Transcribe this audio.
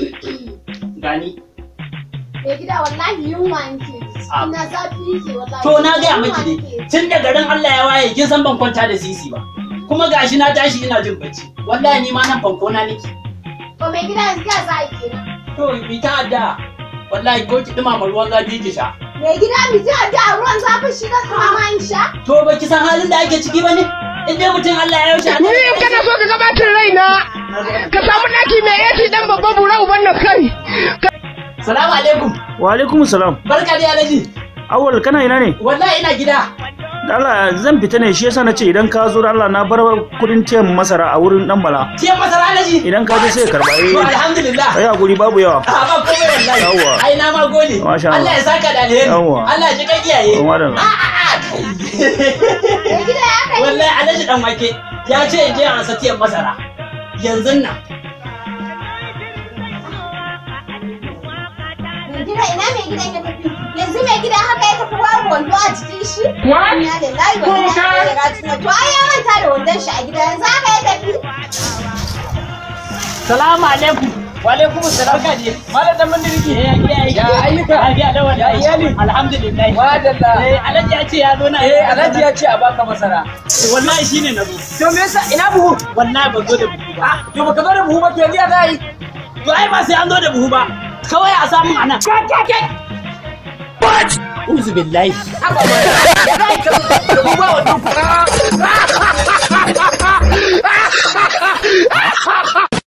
gani Mai gida wallahi yunwa nke ah. ina zafi yake wallahi to na gaya miki ne tun da garin Allah ya waye kin san ban kwanta da sisi ba kuma gashi na tashi ina jin bacci wallahi ni ma nan fanko na niki to mai gida yanzu ya za a kenan to bi ta adda wallahi ko ki dumama ruwan zafi ki sha mai gida mi ji adda ruwan zafi shi da kuma ma in sha to ba ki san halin da ake ciki ba ne in dai mutum Allah ya yaushe ni kana so ka gabatar raina ka samu ɗaki mai AC dan babban bura uban na kai salamu alaikum wa alaikum salam barka da alaji awal kana ina ne wallahi ina gida Allah zan fita ne shi yasa nace idan ka zo Allah na bar kudin tiyan masara a wurin dan bala. Tiyan masara alaji? Idan ka je sai karba eh. Alhamdulillah. Ai hakuri babu yawa. A ah, ba komai wallahi. Yawwa. Ai na ma gode. Allah ya saka da alheri. Allah ya ji ah, ah, kai iyaye. A a a. Wallahi alaji dan wake ya ce in je an sa masara. yanzu nan gida ina mai gida ya tafi yanzu mai gida haka ya tafi babu wando a cikin shi ya da layi wani ya raji na to ai ya manta da wandon shi a gida yanzu haka ya tafi salamu alaikum wa alaikum salam ka je malam dan mun dirki eh, ya ayyuka a biya da wani iyali alhamdulillah wa dalla eh alhaji ya ce ya zo na eh alhaji ya ce a baka masara wallahi shine nazo to me yasa ina buhu wallahi ban zo da buhu To baka zo da buhu ba ke riya za yi. To ai ba sai an zo da buhu ba. Kawai a samu a nan. Uzu billahi. Haka ba. Kai ka